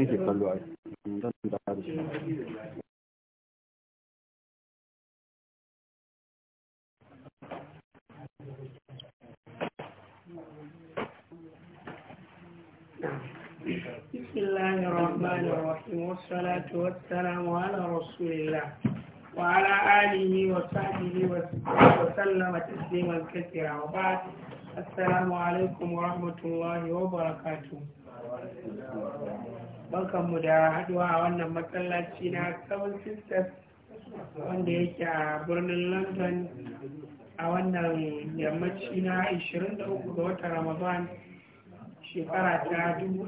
yake kallo ai don بسم الله الرحمن الرحيم والصلاة والسلام على رسول الله وعلى آله وصحبه وسلم تسليما كثيرا وبعد السلام عليكم ورحمة الله وبركاته barkanmu da haduwa a wannan matsalaci na seven sisters wanda yake a birnin london a wannan yammaci na 23 ga watan ramadan shekara ta 1446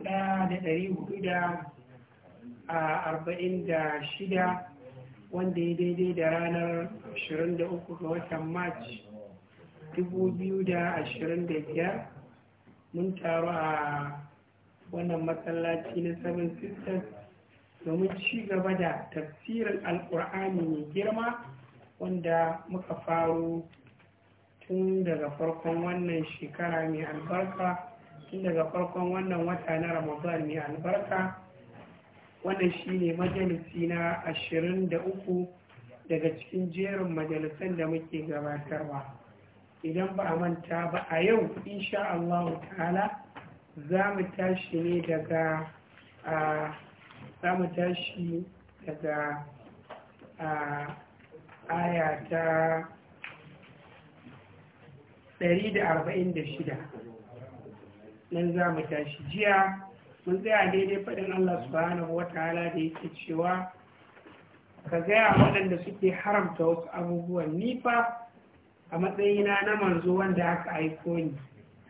wanda ya daidai da ranar 23 ga watan march 2025 mun taru a wannan masallaci na seven sisters domin ci gaba da tafsirin alkur'ani mai girma wanda muka faru tun daga farkon wannan shekara mai albarka tun daga farkon wannan wata na ramadan mai albarka wannan shine majalisi na ashirin da uku daga cikin jerin majalisan da muke gabatarwa idan ba a manta ba a yau insha Allah ta'ala za mu tashi ne daga a za mu tashi daga a aya ta 146 nan za mu tashi jiya mun tsaya daidai faɗin Allah subhanahu wa ta'ala da yake cewa ka gaya waɗanda suke haramta wasu abubuwan nifa a matsayina na manzo wanda aka aiko ni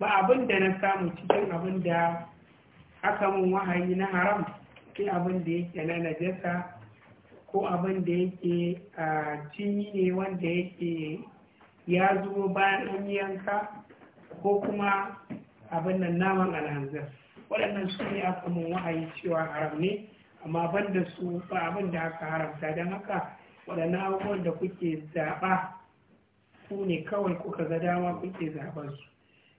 ba abin da na samu cikin abin da aka mun wahayi na haram sai abin da yake na najasa ko abin da yake a jini ne wanda yake ya zuwa bayan an yanka ko kuma abin nan naman alhanzar waɗannan su ne aka mun wahayi cewa haram ne amma ban da su ba abin da aka haramta don haka waɗannan abubuwan da kuke zaɓa ku ne kawai kuka ga dama kuke zaɓar su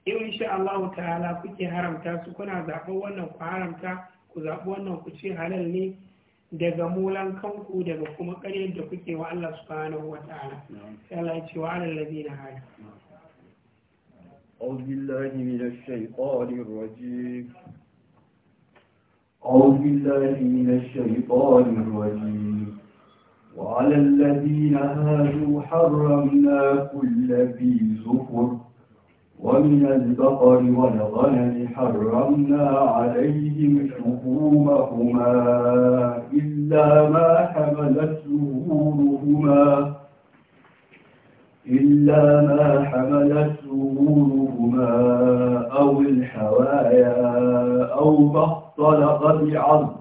in insha Allah ta'ala kuke haramta su kuna zaɓen wannan ku haramta ku zaɓi wannan ku ce halal ne daga mulan kanku daga kuma ƙaryar da kuke wa Allah subhanahu wa ta'ala sai Allah ya ce wa alal ladina hada أعوذ بالله من الشيطان الرجيم أعوذ بالله من الشيطان الرجيم وعلى الذين هادوا حرمنا كل ذي زفر ومن البقر والغنم حرمنا عليهم شحومهما إلا ما حملت ظهورهما إلا ما حملت ظهورهما أو الحوايا أو ما اختلط بعض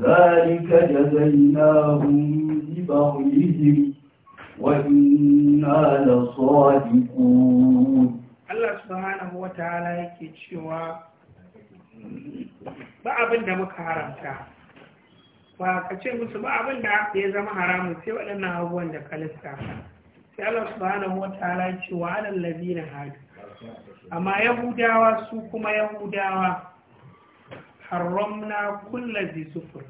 ذلك جزيناهم ببغيهم وإنا لصادقون Allah subhanahu wa ta'ala yake cewa ba abin da muka haramta ba ka ce musu ba abin da ya zama haramun sai waɗannan abubuwan da ka lissafa sai Allah subhanahu wa ta'ala ce wa alal ladina hadu amma yahudawa su kuma yahudawa haramna kullu bi sufur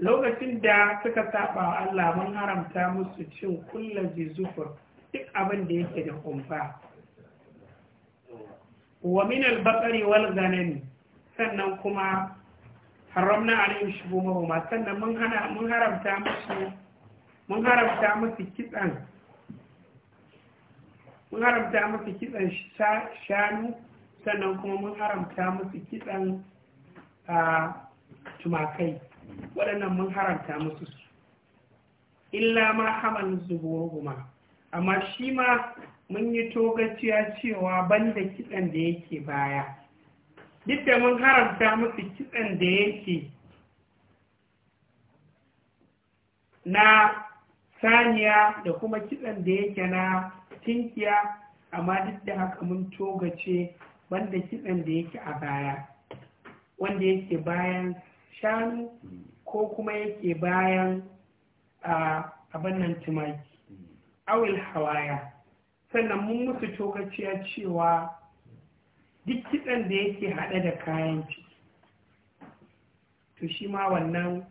lokacin da suka saba wa Allah mun haramta musu cin kullu bi sufur duk abin da yake da kumfa wa min al-baqari wal ghanami sannan kuma haramna alayhim shubuhahuma sannan mun hana mun haramta musu mun haramta musu kitsan mun haramta musu kitsan shanu sannan kuma mun haramta musu kitsan tumakai waɗannan mun haramta musu su illa ma hamal zuburuhuma amma shi ma mun yi togaciya cewa banda kitsan da yake baya duk da mun haramta musu kitsan da yake na saniya da kuma kitsan da yake na tinkiya amma duk da haka mun togace banda kitsan da yake a baya wanda yake bayan shanu ko kuma yake bayan ah, abin nan tumaki awil hawaya sannan mun musu tokaciya cewa duk kitson da yake haɗe da kayan ciki to shi ma wannan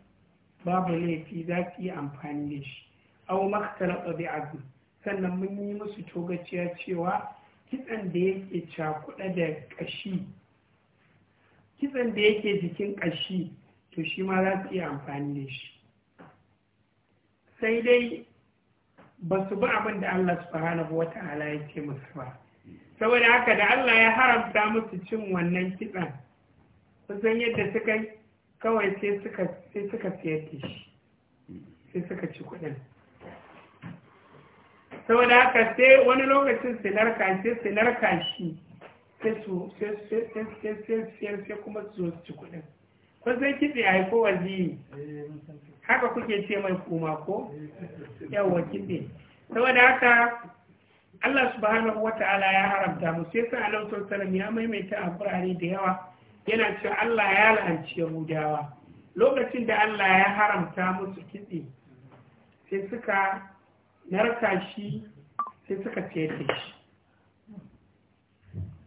babu laifi za su yi amfani da shi aw maktalata bi azm sannan mun yi musu tokaciya cewa kitsan da yake cakuɗa da ƙashi kitsan da yake jikin ƙashi to shi ma za su iya amfani da shi sai dai ba su bi abin da Allah subhanahu wata ala ya ce musu ba saboda haka da Allah ya haramta musu cin wannan kitsan kusan yadda suka kawai sai suka siyar da shi sai suka ci kuɗin saboda haka sai wani lokacin su narka sai su narka shi sai su sai kuma su zo su ci kuɗin kusan kitse a yi ko waziri eh, haka kuke ce mai kuma ko yawon kiɗe saboda haka Allah subhanahu wata'ala ya haramta mu sai san Allah ya maimaita a furare da yawa yana cewa Allah ya la'anci Yahudawa lokacin da Allah ya haramta musu kitse sai suka narka shi sai suka tete shi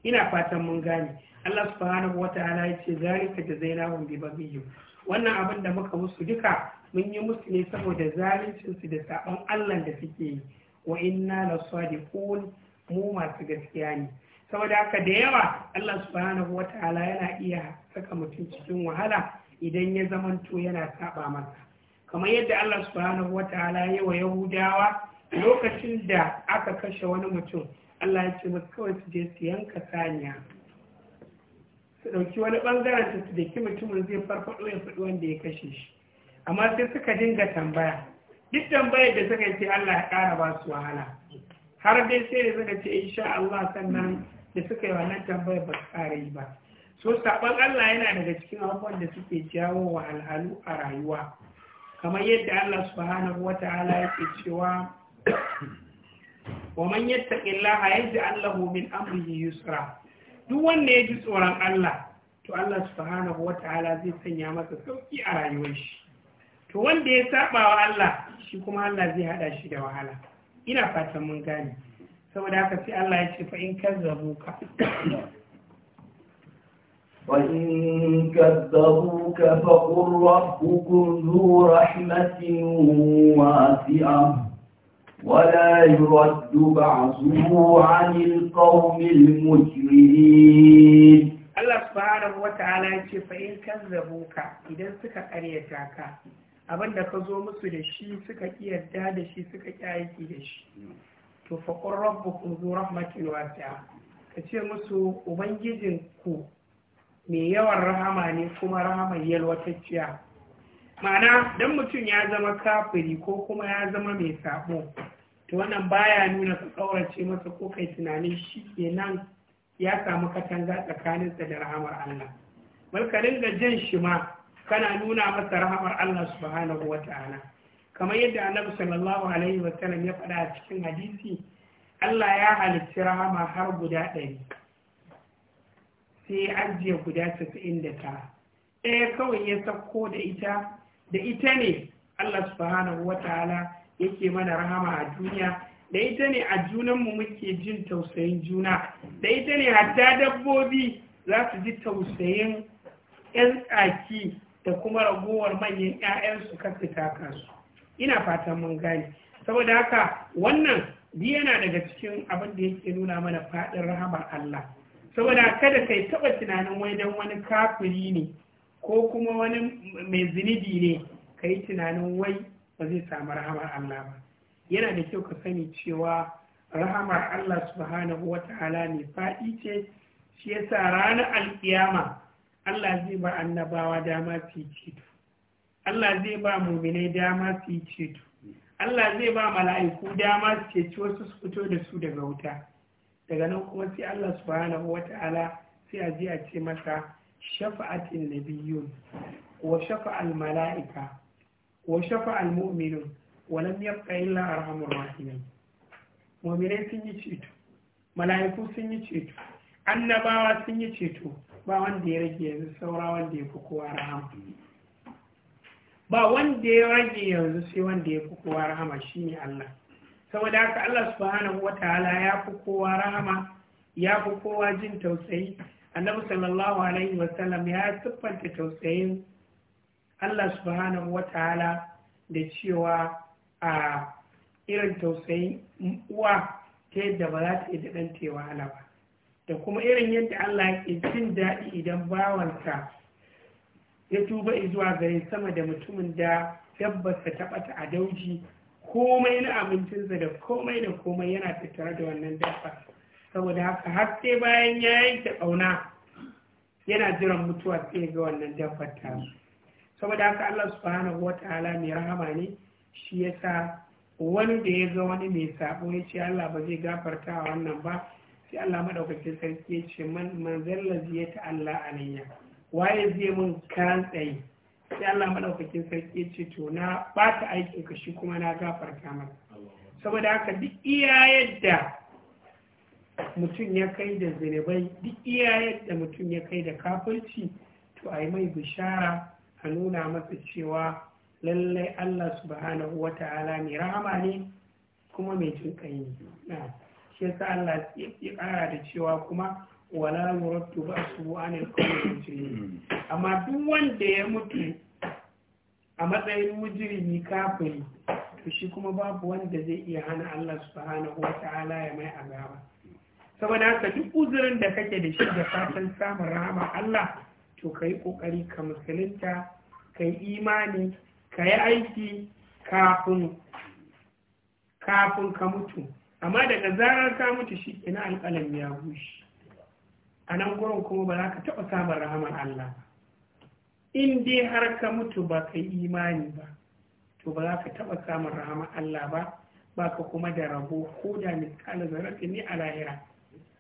ina fatan mun gane Allah subhanahu ta'ala ya ce da jazainahum bi baghihim wannan abin da muka musu duka mun yi musu ne saboda zaluncinsu da sabon allah da suke yi wa inna la sadiqun mu masu gaskiya ne saboda haka da yawa Allah subhanahu wataala yana iya saka mutum cikin wahala idan ya zamanto yana saba masa kamar yadda Allah subhanahu wataala ya wa Yahudawa lokacin da aka kashe wani mutum Allah ya ce musu kawai su je su yanka saniya su ɗauki wani ɓangaren su ki mutumin zai farfaɗo ya faɗi wanda ya kashe shi amma sai suka dinga tambaya duk tambayar da suka ce Allah ya ƙara ba su wahala har dai sai da suka ce insha Allah sannan da suka yi wannan tambayar ba su ƙara yi ba so saɓon Allah yana daga cikin abubuwan da suke jawo wa alhalu a rayuwa kamar yadda Allah subhanahu wa ta'ala yake cewa wa man yattaqillaha yaj'al lahu min amrihi yusra duk wanda ya ji tsoron Allah to Allah subhanahu wa ta'ala zai sanya masa sauki a rayuwar shi to wanda ya saba wa Allah shi kuma Allah zai hada shi da wahala ina fatan mun gane saboda haka sai Allah ya ce fa in kazzabuka وإن fa فقل rabbukum zu rahmatin واسعة ولا يرد بعضه عن القوم المجرمين الله سبحانه وتعالى يقول فإن كذبوك إذا سكت أريتاك abin da ka zo musu da shi suka yarda da shi suka ƙi aiki da shi to faƙon rabbukum zo rahmatin wasi'a ka ce musu ubangijin ku mai yawan rahama ne kuma rahamar yalwatacciya ma'ana don mutum ya zama kafiri ko kuma ya zama mai sabo to wannan baya nuna ka ƙaurace masa ko kai tunanin shi ke nan ya samu katanga tsakaninsa da rahamar Allah bal ga jan shi ma kana nuna masa rahamar Allah subhanahu wa ta'ala kamar yadda annabi sallallahu alaihi wa sallam ya faɗa a cikin hadisi Allah ya halicci rahama har guda ɗari sai ajiye guda casa'in da ta ɗaya kawai ya sauko da ita da ita ne Allah subhanahu wa ta'ala yake mana rahama a duniya da ita ne a junanmu muke jin tausayin juna da ita ne hatta dabbobi za su ji tausayin 'yan tsaki da kuma ragowar manyan 'ya'yansu kasu taka su ina fatan mun gane saboda haka wannan biyu yana daga cikin abin da yake nuna mana faɗin rahamar Allah saboda kada kai taɓa tunanin wai dan wani kafiri ne ko kuma wani mai zunubi ne ka yi tunanin wai ba zai samu rahamar Allah ba yana da kyau ka sani cewa rahamar Allah subhanahu wa ta'ala ne faɗi ce shi yasa ranar alkiyama Allah zai ba annabawa dama su yi ceto Allah zai ba muminai dama su yi ceto Allah zai ba mala'iku dama su ceci wasu su fito da su daga wuta daga nan kuma sai Allah subhanahu wata'ala sai a je a ce masa shafa'atin nabiyyun wa shafa'al mala'ika wa shafa'al mu'minun wa lam yabqa illa arhamur rahimin muminai sun yi ceto mala'iku sun yi ceto annabawa sun yi ceto ba wanda ya rage yanzu saura wanda ya fi kowa rahama ba wanda ya rage yanzu sai wanda ya fi kowa rahama shine Allah saboda haka Allah subhanahu ta'ala ya fi kowa rahama ya fi kowa jin tausayi annabi sallallahu alaihi wa sallam ya siffanta tausayin Allah subhanahu ta'ala da cewa a irin tausayin uwa ta yadda ba za ta yi da ɗan wahala ba da kuma irin yadda Allah ke jin daɗi idan bawansa ya tuba zuwa gare sama da mutumin da dabbarsa ta ɓata a dauji komai na abincinsa da komai da komai yana tattare da wannan dafa. saboda haka har sai bayan ya yanke ƙauna yana jiran mutuwa sai ga wannan dabbar ta saboda haka Allah subhanahu wataala mai rahama ne shi yasa wani da ya ga wani mai sabo ya ce Allah ba zai gafarta wannan ba sai Allah madaukakin sarki ya ce man manzal ladhi ta'alla alayya waye zai mun kan tsaye sai Allah madaukakin sarki ya ce to na bata aikin ka shi kuma na gafarta maka saboda haka duk iya yadda mutum ya kai da zinubai duk iya yadda mutum ya kai da kafirci to a yi mai bishara a nuna masa cewa lallai Allah subhanahu wa ta'ala mai rahama ne kuma mai jin ƙai ne shi yasa Allah ya kara da cewa kuma wala yuraddu ba'su anil qawmi mujrimin amma duk wanda ya mutu a matsayin mujrimi kafiri to shi kuma babu wanda zai iya hana Allah subhanahu wata'ala ya mai azaba saboda haka duk uzurin da kake da shi da fatan samun rahama Allah to kai kokari ka musulunta kai imani kai aiki kafin kafin ka mutu amma daga zarar ka mutu shi ina alƙalam ya bushe a nan gurin kuma ba za ka taɓa samun rahaman Allah ba in dai har ka mutu ba ka yi imani ba to ba za ka taɓa samun rahaman Allah ba ba ka kuma da rabo ko da misali zarafi ni a lahira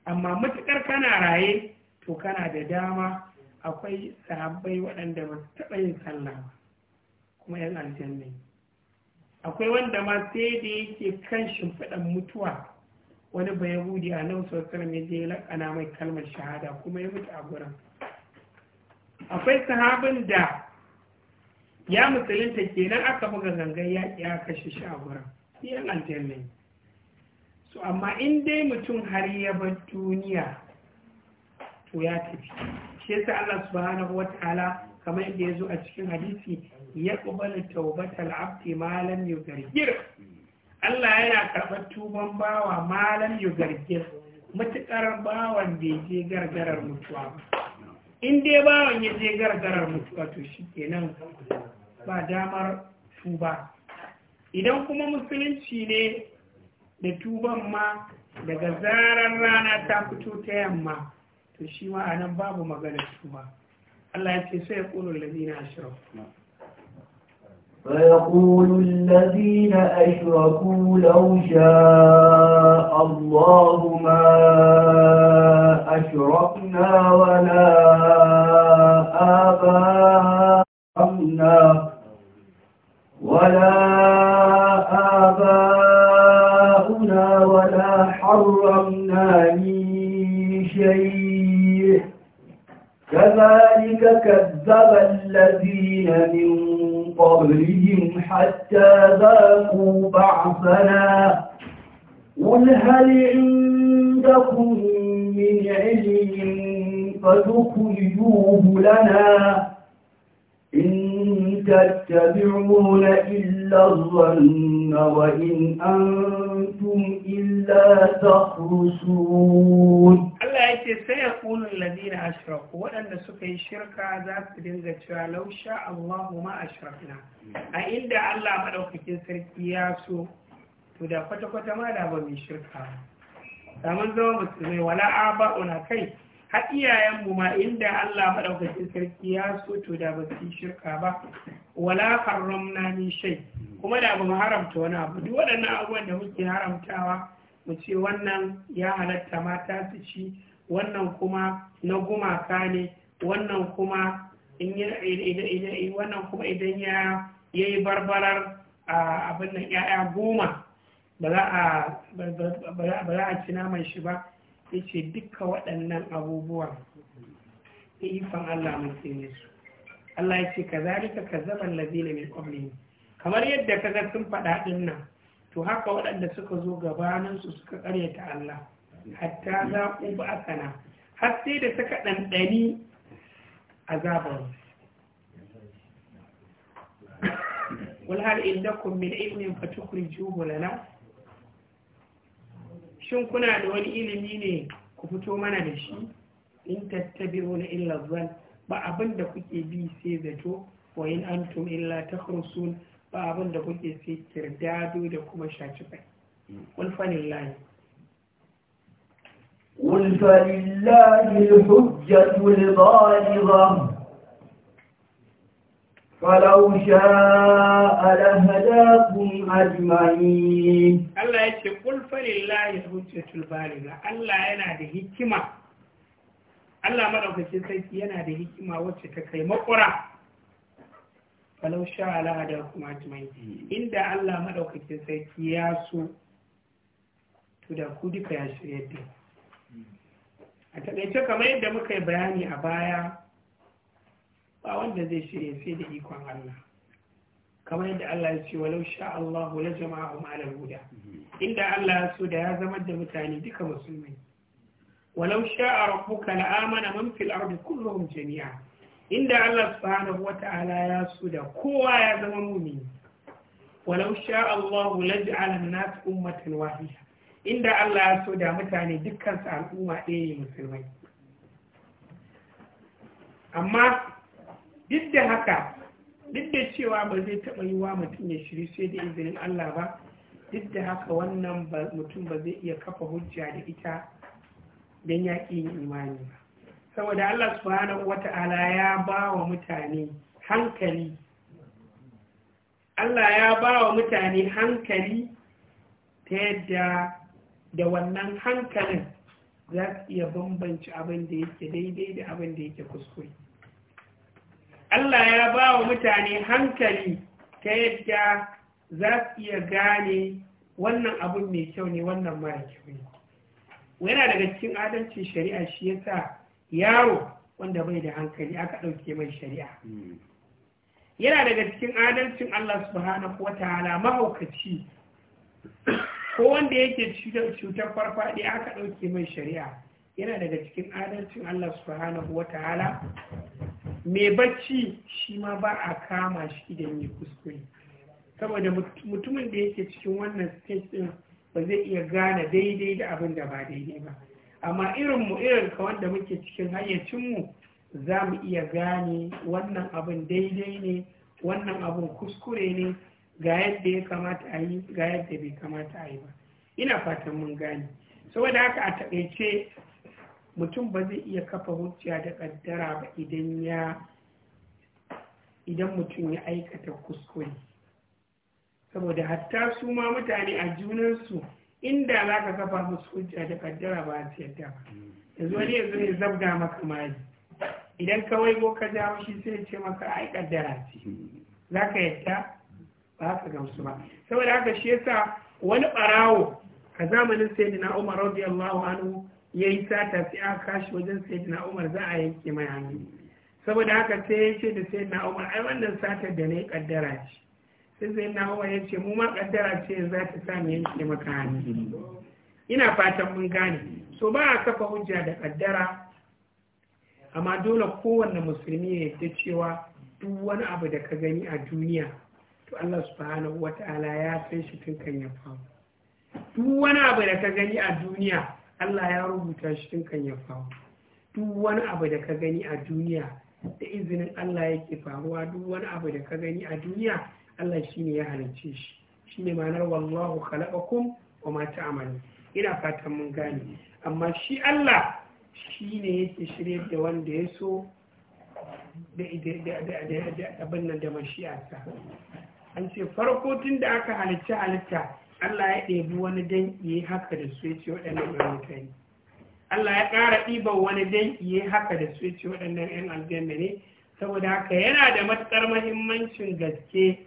amma matuƙar kana raye to kana da dama akwai sahabbai waɗanda ba su taɓa yin sallah ba kuma yan aljanna akwai wanda ma sai da yake kan shimfiɗan mutuwa wani ba yahudi a nan sosai mai je lakana mai kalmar shahada kuma ya mutu a gurin akwai sahabin da ya musulunta kenan aka buga gangan yaƙi ya kashe shi a gurin yan aljanna so amma in dai mutum har ya bar duniya to ya tafi shi yasa Allah subhanahu wataala kamar yadda ya zo a cikin hadisi ya kubalu taubatar abdi malam yu gargir Allah yana karɓar tuban bawa malam yu gargir matuƙar bawan bai je gargarar mutuwa ba in dai bawan ya je gargarar mutuwa to shi kenan ba damar tuba idan kuma musulunci ne da tuban ma daga zarar rana ta fito ta yamma to shi ma a nan babu maganar tuba Allah ya سيقول الذين أشركوا فيقول الذين أشركوا لو شاء الله ما أشركنا ولا آباؤنا ولا آباؤنا ولا حرمنا من شيء كذلك كذب الذين من قبلهم حتى ذاقوا بعثنا قل هل عندكم من علم فتخرجوه لنا إن تتبعون إلا الظن وإن أنتم إلا تخرسون yaqulu alladhina ashraku waɗanda suka yi shirka za su dinga cewa lausha Allahu ma ashrakna a inda Allah madaukakin sarki ya so to da kwata kwata ma da ba mu shirka da mun zama musulmai wala aba'una kai har iyayen mu ma inda Allah madaukakin sarki ya so to da ba su shirka ba wala harramna ni shay kuma da ba mu haramta wani abu duk wadannan abubuwan da muke haramtawa mu ce wannan ya halatta mata su ci wannan kuma na gumaka ne wannan kuma idan ya yi barbarar abin nan ya'ya goma ba za a ci naman shi ba ya ce duka waɗannan abubuwa da ifan Allah mun tsine su Allah ya ce ka zalika ka zaman lazina mai ƙwamni kamar yadda ka ga sun faɗa ɗin nan to haka waɗanda suka zo gabaninsu suka ƙaryata Allah hatta za ku ba asana har sai da suka ɗanɗani azabar wal hal indakum min ilmin fatukhrijuhu lana shin kuna da wani ilimi ne ku fito mana da shi in wani illa zan ba abin da kuke bi sai zato wa in antum illa takhrusun ba abin da kuke sai kirdado da kuma shaci bai wal fanillahi قل فلله الحجة البالغة فلو شاء لهداكم أجمعين الله يقول قل فلله الحجة البالغة الله ينادي هكما الله ما sarki yana da hikima wacce ta kai falau sha ala da kuma jimai inda Allah maɗaukacin sarki ya so to da ku duka ya shirya da a taɗaice kamar yadda muka yi bayani a baya ba wanda zai shirya sai da ikon Allah kamar yadda Allah ya ce walau sha Allah wala jama'a ma alal huda inda Allah ya so da ya zama da mutane duka musulmai walau a rabbuka la amana man fil ardi jami'a inda Allah subhanahu ta'ala ya so da kowa ya zama mumini walau sha Allah wala ja'ala ummatan wahida inda Allah ya so da mutane dukkan su al'umma ɗaya ne musulmai amma duk da haka duk da cewa ba zai taɓa yi wa mutum ya shiri sai da izinin Allah ba duk da haka wannan mutum ba zai iya kafa hujja da ita don yaƙi imani ba saboda Allah subhanahu wata'ala ya ba wa mutane hankali Allah ya ba wa mutane hankali ta yadda da wannan hankalin za ka iya bambanci abin da yake daidai da abin da yake kuskure Allah ya ba wa mutane hankali ta yadda za su iya gane wannan abin mai kyau ne wannan mara kyau ne yana daga cikin adalcin shari'a shi ya sa yaro wanda bai da hankali aka ɗauke mai shari'a yana daga cikin adalcin Allah subhanahu wa ta'ala mahaukaci ko wanda yake cutar farfadi aka ɗauke mai shari'a yana daga cikin adalcin Allah subhanahu wa ta'ala mai bacci shi ma ba a kama shi idan ya kuskure saboda mutumin da yake cikin wannan stage din ba zai iya gane daidai da abin da ba daidai ba amma irin mu irin ka wanda muke cikin mu, za mu iya gane wannan abin daidai ne wannan abin kuskure ne ga yadda ya kamata a yi ga yadda bai kamata a yi ba ina fatan mun gane saboda haka a taƙaice mutum ba zai iya kafa hujja da ƙaddara ba idan mutum ya aikata kuskure saboda hatta su ma mutane a junansu inda za ka kafa musu hujja da ƙaddara ba a yadda ba yanzu wani yanzu ya zabga maka mali idan kawai ko ka jawo shi sai ce maka ai ƙaddara ce za ka yadda ba su gamsu ba saboda haka shi yasa wani barawo a zamanin sayyidina Umar radiyallahu anhu yayi sata sai aka kashi wajen sayyidina Umar za a yanke mai hannu saboda haka sai ya ce da sayyidina Umar ai wannan satar da nayi kaddara ce sai sayyidina Umar ya ce mu ma kaddara ce za ta sa mu yanke maka hannu ina fatan mun gane so ba a kafa hujja da kaddara amma dole kowanne musulmi ya yarda cewa duk wani abu da ka gani a duniya to Allah subhanahu wata'ala ya san shi tun kan ya faru duk wani abu da ka gani a duniya Allah ya rubuta shi tun kan ya faru duk wani abu da ka gani a duniya da izinin Allah yake faruwa duk wani abu da ka gani a duniya Allah shine ya halicce shi shine ma'anar wallahu khalaqakum wa ma ta'malu ina fatan mun gane amma shi Allah shine yake shirye da wanda ya so da abin nan da mashi'arsa an ce farko tun da aka halicci halitta Allah ya ɗebi wani danƙi haka da su ya ce waɗannan ɗauka ne Allah ya ƙara ɗiban wani danƙi haka da su ya ce waɗannan ɗan aljanna ne saboda haka yana da matuƙar mahimmancin gaske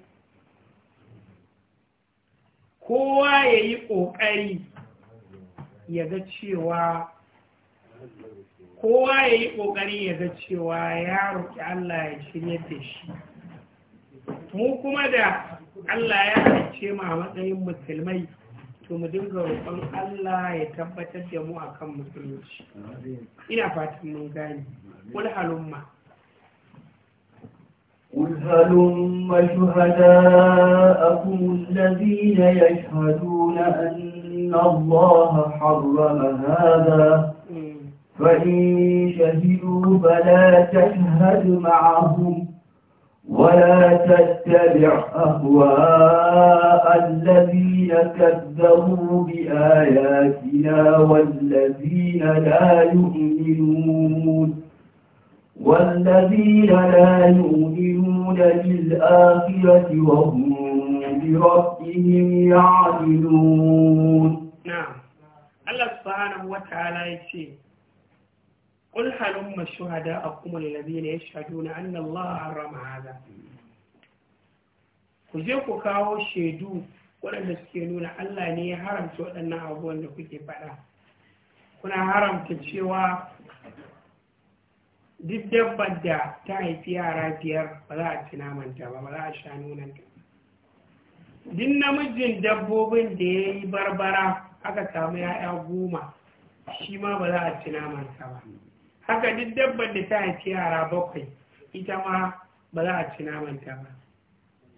kowa ya yi ƙoƙari ya ga cewa kowa ya yi ƙoƙari ya ga cewa ya roƙi Allah ya shirya da shi mu kuma da Allah ya halice mu a matsayin musulmai to mu dinga roƙon Allah ya tabbatar da mu akan musulunci ina fatan mun gane kul halumma قل هلم شهداءكم الذين يشهدون أن الله حرم هذا فإن شهدوا فلا تشهد معهم ولا تتبع أهواء الذين كذبوا بآياتنا والذين لا يؤمنون والذين لا يؤمنون بالآخرة وهم بربهم يعدلون نعم الله سبحانه وتعالى يشير قل هلم شهداءكم الذين يشهدون أن الله حرم هذا ku je ku kawo shaidu waɗanda suke nuna Allah ne ya haramta waɗannan abubuwan da kuke faɗa kuna haramta cewa duk da ta haifi yara biyar ba za a ci namanta ba ba za a sha nunanta duk namijin dabbobin da ya yi barbara aka samu ya'ya goma shi ma ba za a ci namanta ba haka duk dabbar da ta haifi yara bakwai ita ma ba za a ci namanta ba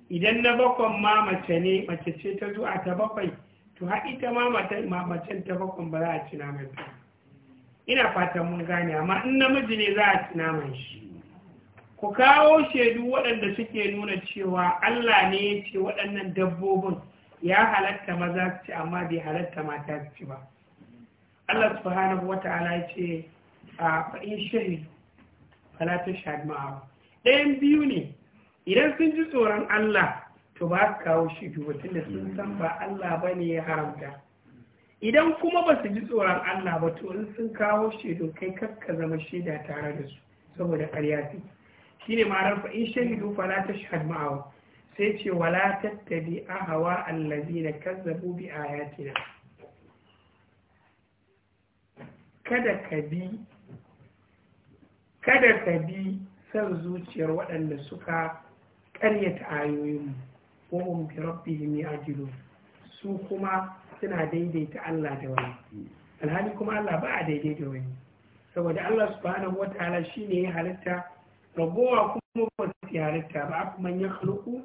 idan na bakwan ma mace ne mace ce ta zuwa ta bakwai to ha ita ma mace ta bakwan ba za a ci namanta ina fatan mun gane amma in namiji ne za a ci naman shi ku kawo shaidu waɗanda suke nuna cewa Allah ne ya ce waɗannan dabbobin ya halatta maza su ci amma bai halatta mata su ci ba Allah subhanahu wata'ala ya ce a fa'in shirin falatun shahad ɗayan biyu ne idan sun ji tsoron Allah to ba su kawo shi tun da sun san ba Allah ba ne ya haramta idan kuma ba su ji tsoron Allah ba to sun kawo shaidu kai kakka zama shaida tare da su saboda ƙarya su shi ne ma fa in shahidu fala ta tashhad ma'ahu sai ce wala tattabi ahawa allazina kazzabu bi ayatina kada ka bi kada ka bi son zuciyar waɗanda suka ƙaryata ayoyinmu wa hum bi rabbihim ya'dilun su kuma suna daidaita Allah da wani alhali kuma Allah ba a daidai da wani saboda Allah subhanahu shi shine ya halitta ragowa kuma ba su halitta ba a kuma ya khluqu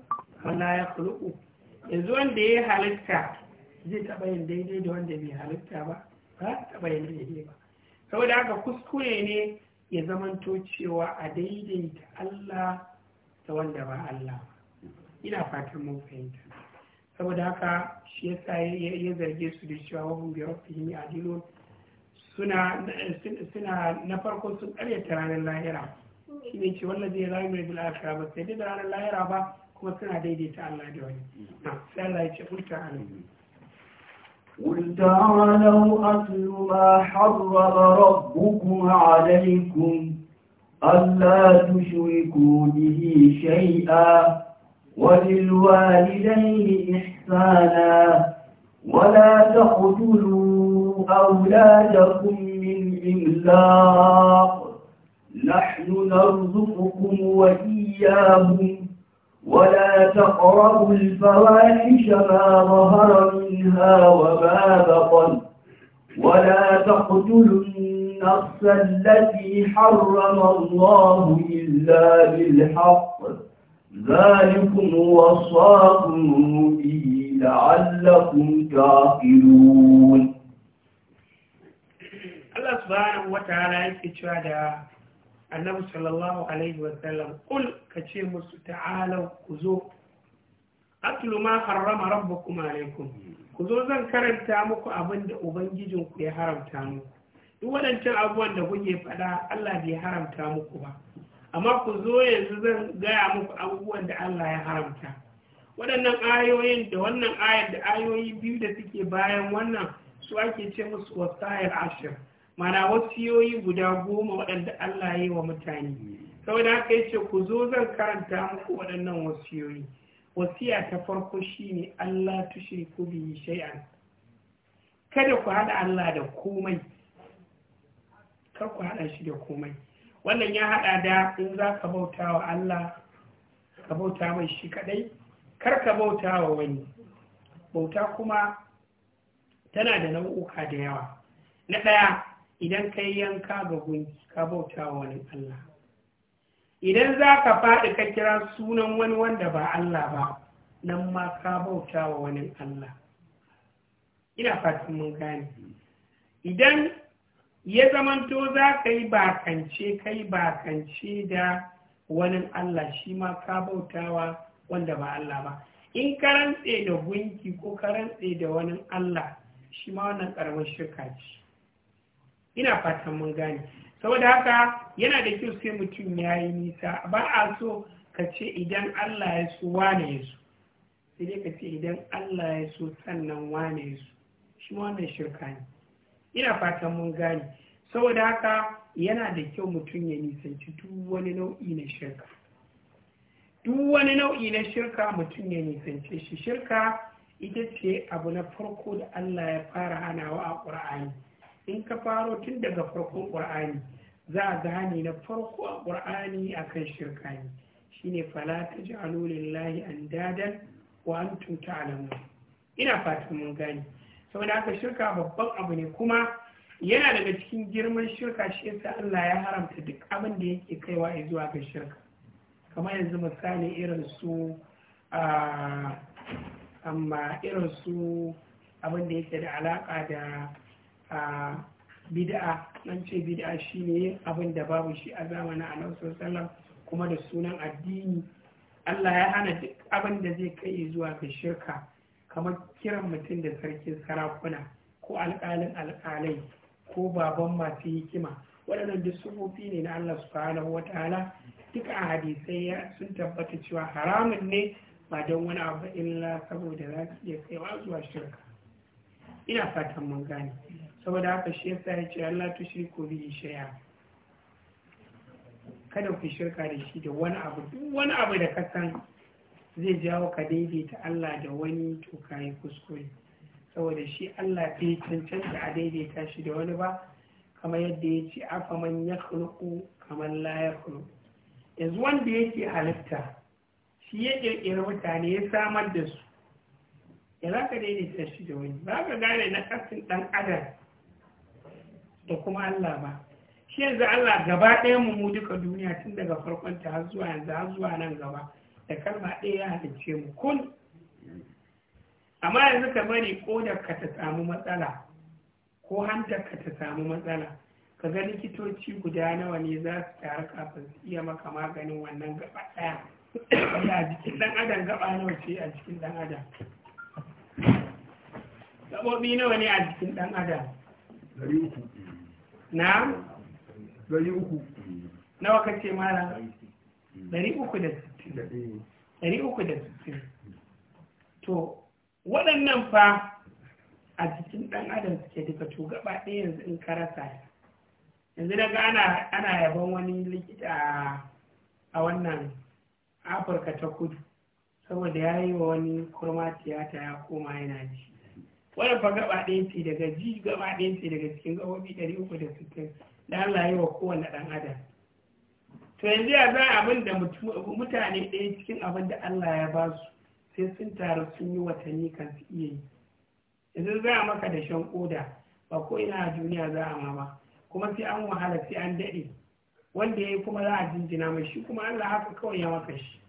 wala ya khluqu yanzu wanda ya halitta zai taɓa yin daidai da wanda bai halitta ba ba taɓa yin daidai ba saboda haka kuskure ne ya zamanto cewa a daidaita Allah da wanda ba Allah ina fatan mun fahimta saboda haka shi yasa ya zarge su da cewa wahun su yi adilun suna suna na farko sun karyata ranar lahira shi ne ce wannan zai zama bila akhirah ba sai da ranar lahira ba kuma suna daidaita Allah da wani mm. sai Allah ya ce ulta alamin mm-hmm. قل تعالوا أتل ما حرم ربكم عليكم ألا تشركوا به شيئا وللوالدين إحسانا ولا تقتلوا أولادكم من إملاق نحن نرزقكم وإياهم ولا تقربوا الفواحش ما ظهر منها وما بطن ولا تقتلوا النفس التي حرم الله إلا بالحق ذلكم وصاكم به لعلكم تعقلون الله سبحانه وتعالى يكتشف annabi sallallahu alaihi wa sallam kul ka ce musu ta'ala ku zo atlu ma harrama rabbukum alaikum ku zo zan karanta muku abinda da ku ya haramta muku duk waɗancan abubuwan da kuke faɗa Allah bai haramta muku ba amma ku zo yanzu zan gaya muku abubuwan da Allah ya haramta waɗannan ayoyin da wannan ayar da ayoyi biyu da suke bayan wannan su ake ce musu wasayar ashir mana wasiyoyi guda goma waɗanda Allah ya yi wa mutane saboda haka ce ku zo zan karanta muku waɗannan wasiyoyi wasiya ta farko shine Allah ku bihi shay'an kada ku haɗa Allah da komai kar ku haɗa shi da komai wannan ya haɗa da in za ka bauta wa Allah ka bauta mai shi kaɗai kar ka bauta wa wani bauta kuma tana da nau'uka da yawa na ɗaya idan ka yi yanka ga gunki ka bauta wa wani Allah idan za ka faɗi ka kira sunan wani wanda ba Allah ba nan ma ka bauta wa wani Allah ina fatan mun gane idan ya zamanto za ka yi bakance ka yi bakance da wani Allah shi ma ka bauta wa wanda ba Allah ba in ka rantse da gunki ko karantse da wani Allah shi ma wannan ƙaramin shirka ce ina fatan mun gane saboda haka yana da kyau sai mutum ya yi nisa ba a so ka ce idan allah ya so wane ya so sai dai ka ce idan allah ya so sannan wane ya so shi wannan shirka ne ina fatan mun gane saboda haka yana da kyau mutum ya nisanci duk wani nau'i na shirka duk wani nau'i na shirka mutum ya nisance shi shirka ita ce abu na farko da allah ya fara hanawa a ƙur'ani in ka faro tun daga farkon ƙur'ani za a gane na farko a ƙur'ani a kan shirka ne shi ne fala ta ji lahi an dadan wa an tuta alamu ina fatan mun gane saboda haka shirka babban abu ne kuma yana daga cikin girman shirka shi yasa Allah ya haramta duk abin da yake kaiwa zuwa ga shirka kamar yanzu misali irin su amma irin su abin da yake da alaka da a bid'a an ce bid'a shine abin da babu shi a zamanin annabi sallallahu kuma da sunan addini Allah ya hana duk abin da zai kai zuwa ga shirka kamar kiran mutum da sarkin sarakuna ko alƙalin alƙalai ko baban masu hikima waɗannan duk sufofi ne na Allah subhanahu wata ta'ala duk a hadisai sun tabbata cewa haramun ne ba don wani abu illa saboda za su iya kaiwa zuwa shirka ina fatan mun gane saboda haka shi yasa ya ce Allah tu shi bihi shay'a kada ku shirka da shi da wani abu duk wani abu da ka san zai jawo ka daidaita Allah da wani to kai kuskure saboda shi Allah bai cancanta a daidaita shi da wani ba kamar yadda ya ce afa man ya kamar la ya yanzu wanda yake halitta shi ya ƙirƙiri mutane ya samar da su ya za ka daidaita shi da wani za ka gane na kasin ɗan adam da kuma Allah ba shi yanzu Allah gaba ɗaya mu mu duka duniya tun daga farkon ta har zuwa yanzu har zuwa nan gaba da kalma ɗaya ya halicce mu kun amma yanzu ka bari kodar ka ta samu matsala ko hanta ka ta samu matsala ka ga likitoci guda nawa ne za su tare kafin su iya maka maganin wannan gaba ɗaya wanda a jikin ɗan adam gaba nawa ce a jikin ɗan adam gaɓoɓi nawa ne a jikin ɗan adam na ɗari uku nawa ka ce mara ɗari hmm. uku da sittin ɗari uku da sittin to waɗannan fa a cikin ɗan adam suke duka to gaba ɗaya yanzu in ka rasa yanzu daga ana yaban wani likita a wannan afirka ta kudu saboda ya yi wa wani kurma tiyata ya koma yana ci wannan fa gaba ɗaya ce daga ji gaba ɗaya ce daga cikin gabobi ɗari uku da sittin da Allah yi wa kowane ɗan adam to yanzu ya za abin da mutane ɗaya cikin abin da Allah ya ba su sai sun taru sun yi watanni kan su iya yi yanzu za a maka da shan koda ba ko ina a duniya za a mama kuma sai an wahala sai an daɗe wanda ya yi kuma za a jinjina mai shi kuma Allah haka kawai ya maka shi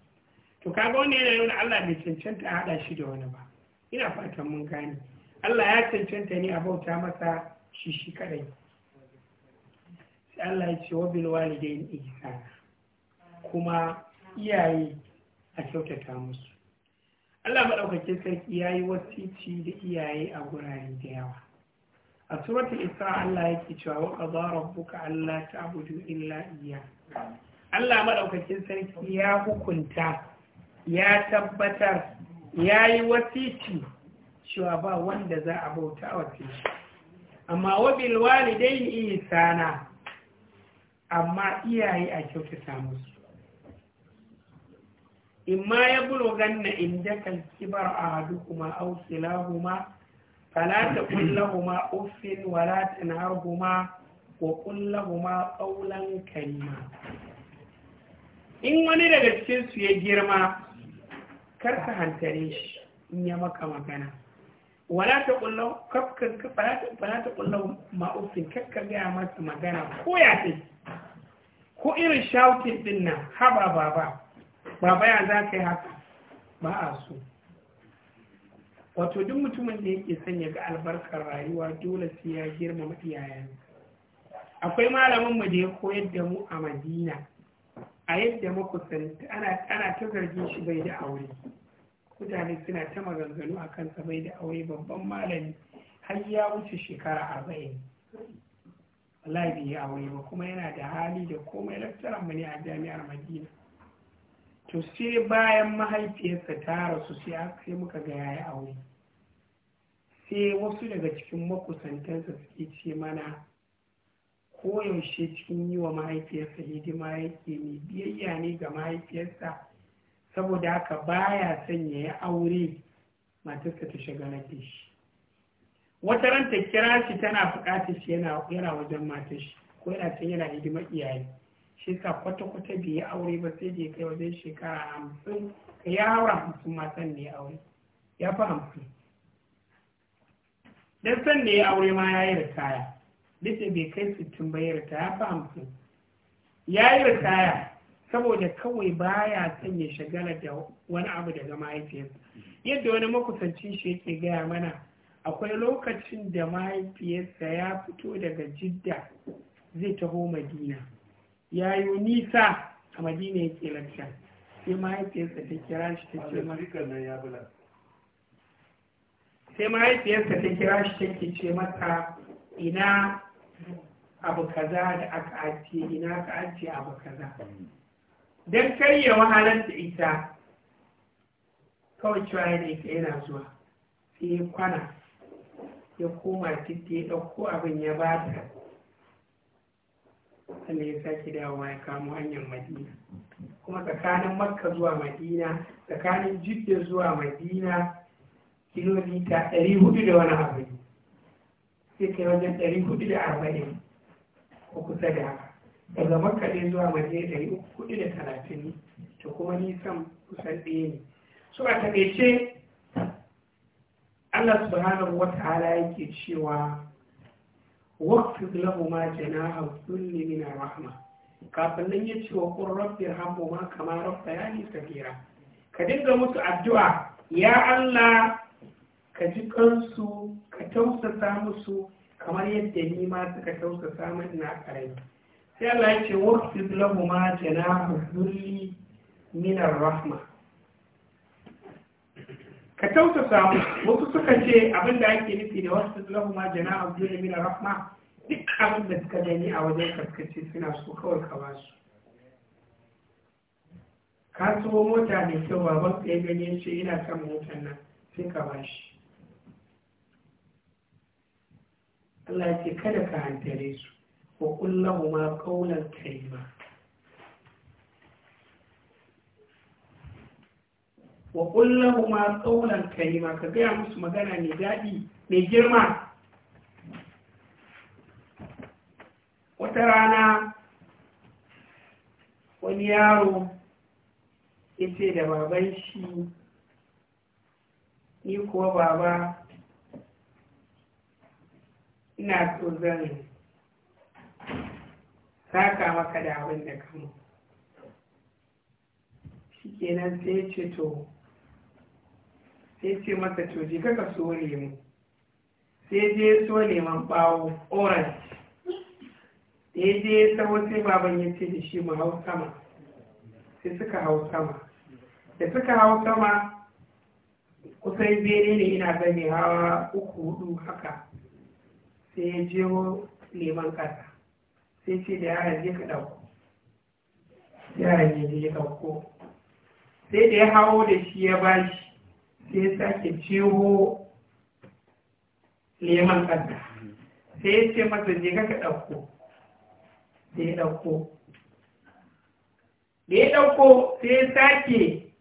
to kaga wannan yana nuna Allah bai cancanta a haɗa shi da wani ba ina fatan mun gane Allah ya cancanta ne a bauta masa shi shi kadai sai Allah ya ce wabil walidain ihsana kuma iyaye a kyautata musu Allah maɗaukakin sarki ya yi wasici da iyaye a gurare da yawa a suratul isra Allah yake cewa wa qadara rabbuka alla ta'budu illa iyyah Allah maɗaukakin sarki ya hukunta ya tabbatar ya yi wasici cewa ba wanda za a bauta a wace shi amma wabil walidai sana. amma iyaye a kyautata musu ma ya ganna bulughanna indakal kibar kuma aw huma fala taqul huma uffin wa la tanharhumā ko kulla lahumā qawlan Kalima. in wani daga cikinsu ya girma karka hantare shi in ya maka magana wala ta kullau kafkan ta kullau ma'ufin kakka gaya masa magana ko ya ce ko irin shautin din nan haba baba baba ya za ka yi haka ba a so wato duk mutumin da yake sanya ga albarkar rayuwa dole sai ya girmama iyayen akwai malamin mu da ya koyar da mu a madina a yadda makusanta ana ta zargin shi bai da aure mutane suna ta maganganu a kan bai da aure babban malami har ya wuce shekara arba'in wallahi bai yi aure ba kuma yana da hali da komai lakcaran mu ne a jami'ar madina to sai bayan mahaifiyarsa ta rasu sai sai muka ga yi aure sai wasu daga cikin makusantansa suke ce mana koyaushe cikin yi wa mahaifiyarsa hidima yake mai biyayya ne ga mahaifiyarsa saboda haka baya son ya yi aure matarsa ta shagalar da shi wata ran ta kira shi tana buƙatar shi yana wajen matar shi ko yana can yana hidimar iyaye shi sa kwata-kwata bai yi aure ba sai da ya kai wajen shekara hamsin ya haura hamsin ma san da ya aure ya fi hamsin don san da ya aure ma ya yi ritaya duk da bai kai sittin ba ya ritaya ya fi hamsin ya yi ritaya saboda kawai baya son ya shagala da wani abu daga mahaifiyarsa yadda wani makusanci shi yake gaya mana akwai lokacin da mahaifiyarsa ya fito daga jidda zai taho madina ya yi nisa a madina yake lantarki, sai mahaifiyarsa ta kira shi ta ce sai mahaifiyarsa ta kira shi take ce masa ina abu kaza da aka ajiye ina aka ajiye abu kaza don karya wahalar ita kawai cewa ya ita yana zuwa sai ya kwana ya koma titi ya ɗauko abin ya ba ta sannan ya sake dawowa ya kamo hanyar madina kuma tsakanin makka zuwa madina tsakanin jidda zuwa madina kilomita ɗari hudu da wani abu sai kai wajen ɗari hudu da arba'in ko kusa da haka daga makka ɗaya zuwa madina ɗari uku kuɗi da talatin Ta kuma nisan kusan ɗaya ne so a taƙaice Allah subhanahu wa ta'ala yake cewa waqfid lahu ma janaha ne min rahma kafin nan ya ce wa qur rabbi irhamhu ma kama nisa saghira ka dinga musu addu'a ya Allah ka ji kansu ka tausasa musu kamar yadda ni ma suka tausasa min na karami sai Allah ya ce waqfid ma janaha dhulli min ar-rahma ka tausasa wasu suka ce abin da ake nufi da wasu lahuma jana'a min ar rahma duk abin da suka gani a wajen karkace suna so kawai ka su. ka tuwo mota mai kyau baban ka ya gani shi ce ina kan motar nan sai ka shi. Allah ya ce kada ka hantare su وقل لهما قولا كريما وقل لهما قولا كريما كغير مس مغانا مي دادي مي جرما wata rana wani yaro ya ce da baban shi ni kuwa baba ina so zan saka maka da abin da kama shi kenan sai ya ce to sai ce masa to je kaka so lemu sai je so leman bawo orange da ya je ta sai baban ya ce da shi mu hau sama sai suka hau sama da suka hau sama kusan bene ne ina gani hawa uku hudu haka sai ya je leman kasa sai ce da yaran je ka ɗauko yaran ne je ɗauko sai da ya hawo da shi ya bashi sai ya sake ciwo neman ƙanta sai ya ce masa je ka ɗauko sai ya ɗauko da ya ɗauko sai ya sake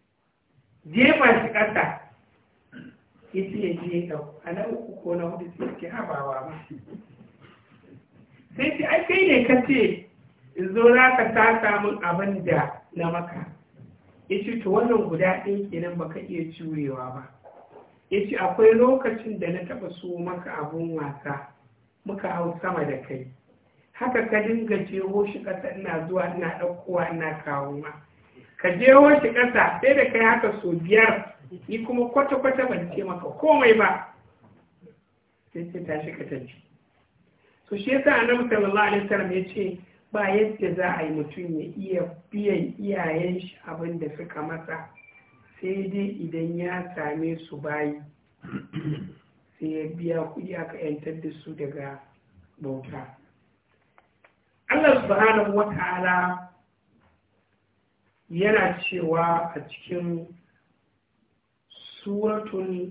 jefa shi ƙasa ya ce ya je ya ɗauko a na uku ko na hudu sai ya ce haɓawa ba sai ce ai kai ne ka ce zo za ka taka min abin da na maka ya ce to wannan guda ɗin kenan baka iya curewa ba ya ce akwai lokacin da na taɓa so maka abun wasa muka hau sama da kai haka ka dinga jeho shi ƙasa ina zuwa ina ɗaukowa ina kawo ma ka jeho shi ƙasa sai da kai haka so biyar ni kuma kwata-kwata ban ce maka komai ba sai ce tashi ka tafi to shi yasa annabi sallallahu alaihi wasallam ya ce ba yadda za a yi mutum ya iya biyan iyayen shi abin da suka masa sai dai idan ya same su bayi sai ya biya kuɗi aka yantar da su daga bauta Allah subhanahu wa ta'ala yana cewa a cikin suratul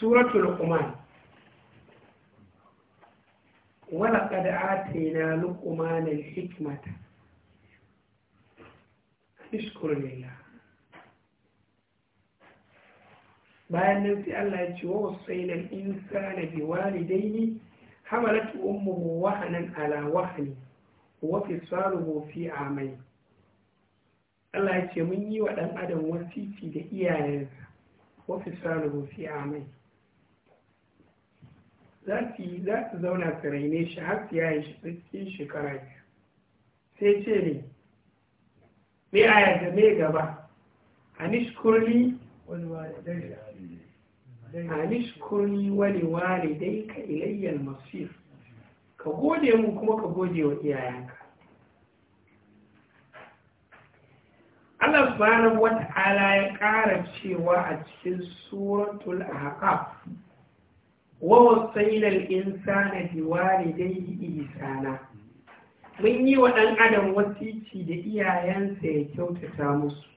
suratul ولقد آتينا لقمان الحكمة اشكر لله bayan nan sai Allah ya ce wa wasaina al-insana bi walidayni hamalat ummuhu wahanan ala wahni wa fisaluhu fi amai Allah ya ce mun yi wa dan adam wasiti da iyayensa wa fisaluhu fi amai za su zauna su raine shi har su yaye shi cikin shekara biyu sai ce ne me a yadda me gaba anish kurli anish kurli wani wale dai ka ilayyar masir ka gode mu kuma ka gode wa iyayenka Allah subhanahu ta'ala ya ƙara cewa a cikin suratul ahqaf ووصينا الإنسان بوالديه إحسانا mun yi wa Dan adam wasici da iyayensa ya kyautata musu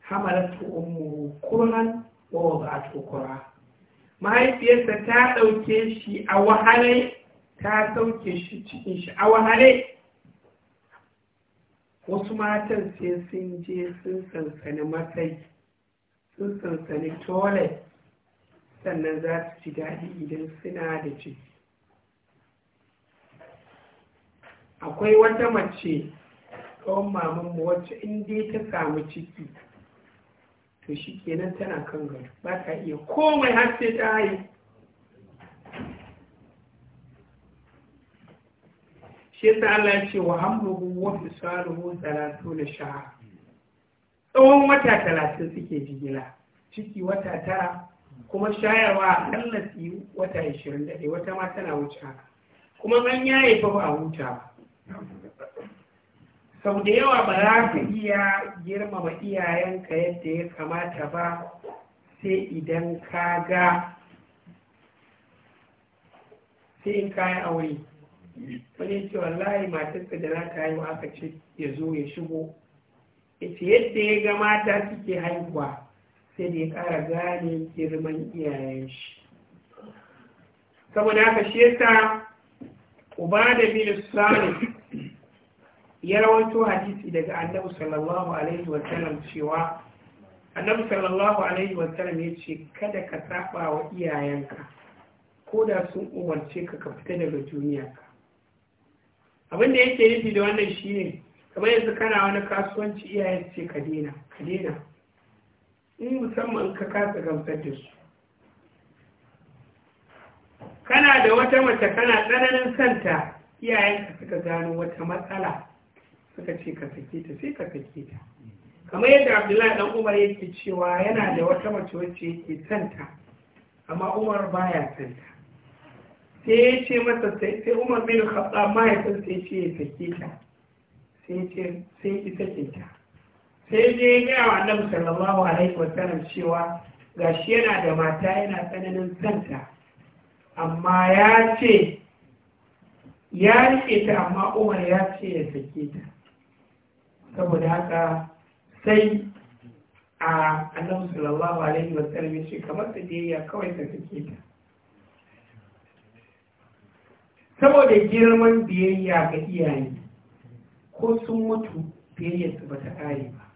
hamalatu ummuhu kurhan wa wada'atu kurha mahaifiyarsa ta ɗauke shi a wahale ta sauke shi cikin shi a wahale wasu matan sai sun je sun sansani matsayi sun sansani toilet sannan za su ci daɗi idan suna da ciki akwai wata mace tsawon mamanmu wacce in dai ta samu ciki to shi kenan tana kan gado ba ta iya komai har sai ta haihu shi ta Allah ya ce wa hamluhu wa fisaluhu da sha'a tsawon wata talatin suke jigila ciki wata tara kuma shayarwa akalla su yi wata 21 wata ma tana wuce haka kuma ban yaye yi ba a huta sau da yawa ba za ka iya girmama iyayenka yadda ya kamata ba sai idan ka ga sai in aure wani ce wallahi matarsa da na yi wa aka ce ya zo ya shigo ita yadda ya ga mata suke haihuwa sai da ya ƙara gane girman iyayen shi saboda haka shi yasa ubada bin salih ya rawaito hadisi daga annabi sallallahu alaihi wa sallam cewa annabi sallallahu alaihi wa sallam ya ce kada ka saba wa iyayenka ko da sun umarce ka ka fita daga duniyarka abin da yake nufi da wannan shine kamar yanzu kana wani kasuwanci iyayen ce ka daina ka daina in musamman ka kasa gamsar da su kana da wata mace kana tsananin santa iyayenka suka gano wata matsala suka ce ka sake ta sai ka sake ta kamar yadda abdullahi dan umar yake cewa yana da wata mace wacce yake santa amma umar baya santa sai ya ce masa sai umar bin khattab mahaifinsa ya ce ya sake ta sai ya ce sai ki sake ta sai je ya gaya wa annabi sallallahu alaihi wasallam cewa gashi yana da mata yana tsananin santa amma ya ce ya rike ta amma umar ya ce ya sake ta saboda haka sai a annabi sallallahu alaihi wasallam ya ce kamar ta ya kawai ta sake ta saboda girman biyayya ga iyaye ko sun mutu biyayyarsu ba ta ƙare ba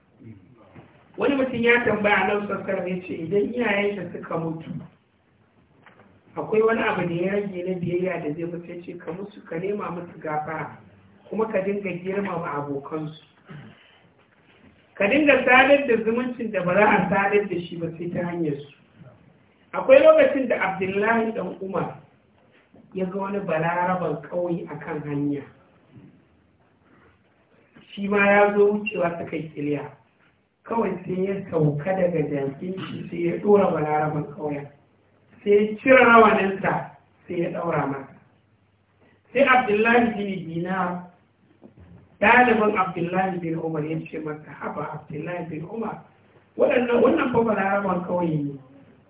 wani mutum ya tambaya a lausar karar ce idan iyayen suka mutu akwai wani abu da ya rage na biyayya da zai mutu ce ka musu ka nema musu gafara kuma ka dinga girmama abokansu ka dinga sadar da zumuncin da ba za a sadar da shi ba sai ta hanyar su akwai lokacin da abdullahi dan umar ya ga wani balaraban ƙauye a kan hanya shi ma ya zo wucewa suka yi kiliya kawai sai ya sauka daga jamfin shi sai ya ɗora balaraban kauyen. sai ya cire rawaninsa sai ya ɗaura masa sai abdullahi bin dina daliban abdullahi bin umar ya ce masa haba abdullahi bin umar waɗannan wannan ba balaraban kauye ne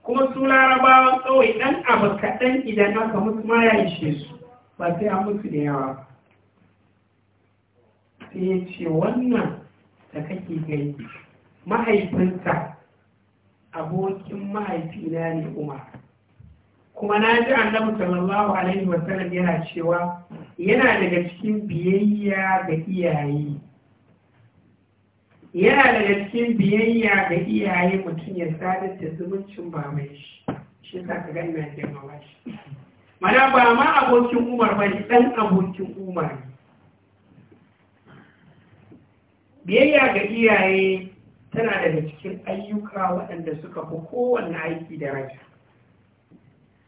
kuma su larabawan ƙauye ɗan abu kaɗan idan aka musu ma ya ishe su ba sai an musu da yawa sai ya ce wannan da kake gani mahaifinsa abokin mahaifina ne umar kuma na ji annabi sallallahu alaihi wasallam yana cewa yana daga cikin biyayya ga iyaye yana daga cikin biyayya ga iyaye mutum ya sadar da zumuncin baban shi shi sa ka gani na girmama shi mana ba ma abokin umar ba dan abokin umar biyayya ga iyaye tana daga cikin ayyuka waɗanda suka fi kowanne aiki da raja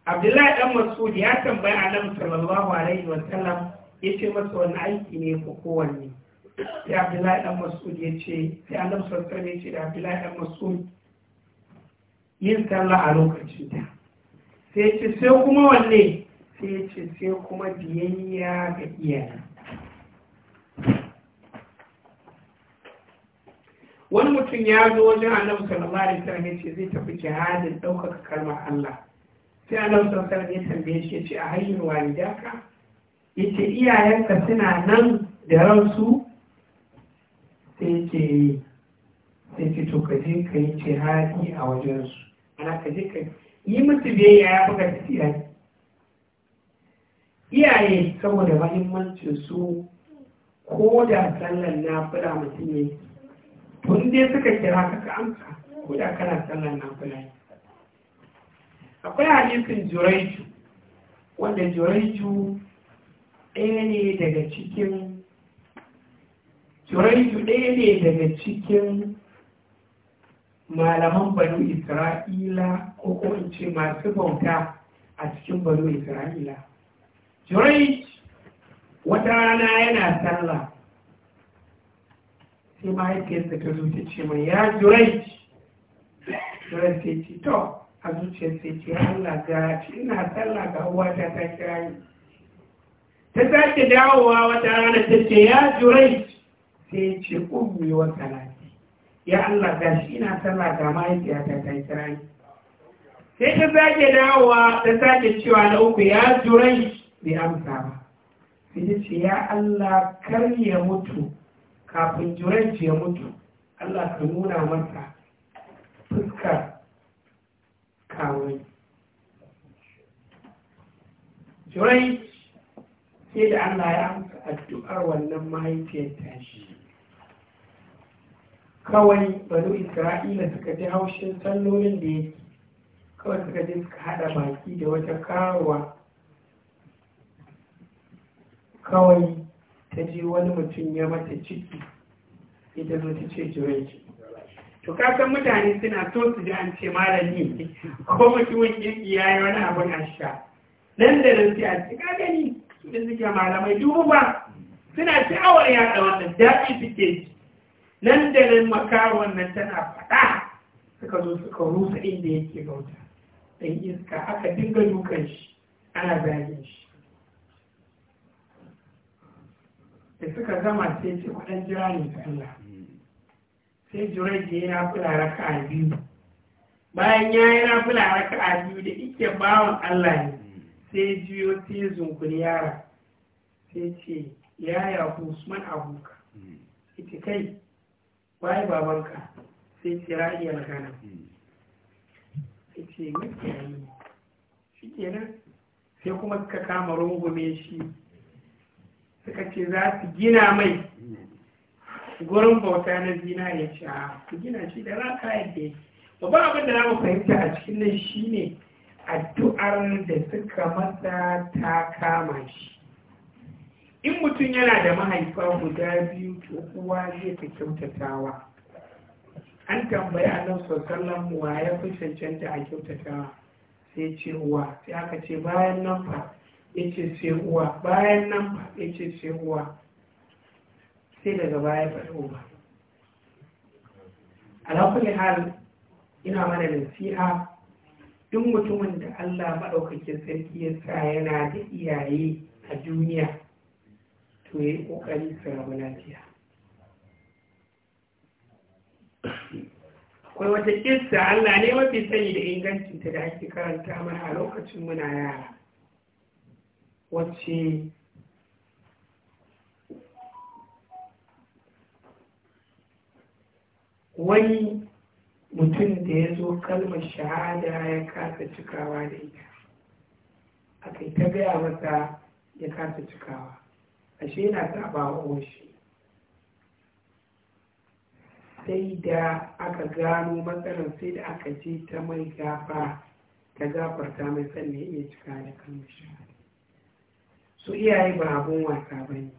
abdullahi ɗan masud ya tambaya annabi sallallahu alaihi wa sallam ya ce masa wani aiki ne fi kowanne sai abdullahi ɗan masud ya ce sai annabi sallallahu alaihi ya ce da abdullahi ɗan masud yin sallah a lokacin ta sai ya ce sai kuma wanne sai ya ce sai kuma biyayya ga iyaye wani mutum ya zo wajen annabi sallallahu alaihi wasallam yace zai tafi jihadin ɗaukaka kalmar Allah sai annabi sallallahu alaihi ya tambaye shi yace a hayyin walidaka yace iyayenka suna nan da ransu sai yace sai ce to ka ka yi jihadi a wajen su. ana kaje ka yi musu biyayya ya buga tafiya iyaye saboda mahimmancin su ko da sallan na fura mutum tun dai suka kira ka amsa ko da kana sallan nafila ne akwai hadisin juraiju wanda juraiju ɗaya ne daga cikin juraiju ɗaya ne daga cikin malaman banu isra'ila ko kuma in ce masu bauta a cikin banu isra'ila juraij wata rana yana sallah sai mahaifiyarsa ta zo ta ce mai ya jurai jurai sai ce to a zuciya sai ce Allah ga ce ina sallah ga uwata ta kira ni ta sake dawowa wata rana ta ce ya jurai sai ce ummi wa salati ya Allah ga shi ina sallah ga mahaifiyata ta kira ni sai ta sake dawowa ta sake cewa na uku ya jurai bai amsa ba sai ta ce ya Allah kar ya mutu kafin jiranci ya mutu Allah ka nuna mata fuskar kawai jurai sai da Allah ya amsa addu'ar wannan mahaifiyar tashi kawai banu isra'ila suka ji haushin sallolin da yake kawai suka ji suka haɗa baki da wata karuwa kawai ta ji wani mutum ya mata ciki idan zo ce jiranci to kasan mutane suna so su ji an ce malami ko mutumin kirki ya yi wani abin sha. nan da nan sai a ce ka gani da suke malamai dubu ba suna sha'awar yaɗa wannan daɗi suke ji nan da nan makawon nan tana faɗa suka zo suka rusa inda yake bauta dan iska aka dinga dukan shi ana zagin shi da suka zama sai ce kudin jira ne ga Allah sai Jirai da ya nafula raka a biyu bayan ya yi nafula raka a biyu da ike bawan Allah ne sai juyo sai zunkuri yara sai ce ya yahu usman abuka ita kai waye babanka sai kira iyar gana sai ce mutu yayi shi kenan sai kuma suka kama rungume shi suka ce za su gina mai gurin bauta na ya ce a ku gina shi da ka yadda yake babban abin da na mu fahimta a cikin nan shine addu'ar da suka masa ta kama shi in mutum yana da mahaifa guda biyu to uwa zai ta kyautatawa an tambayi annabi sallallahu wa ya fi cancanta a kyautatawa sai ce sai aka ce bayan nan fa yace sai uwa bayan nan ba yace sai uwa sai daga baya faɗi ba alakulli hal ina mana nasiha duk mutumin da Allah maɗaukakin sarki ya sa yana da iyaye a duniya to ya yi ƙoƙari su rabu lafiya akwai wata ƙirsa Allah ne mafi sani da ingancinta da ake karanta mana a lokacin muna yara wacce wai mutum da ya zo kalmar shahada ya kasa cikawa da ita a kai ta gaya masa ya kasa cikawa ashe yana saba wa shi sai da aka gano matsalar sai da aka ce ta mai gafa ta gafarta mai sannan iya cika da kalmar shahada su iyaye ba abun wasa ba ne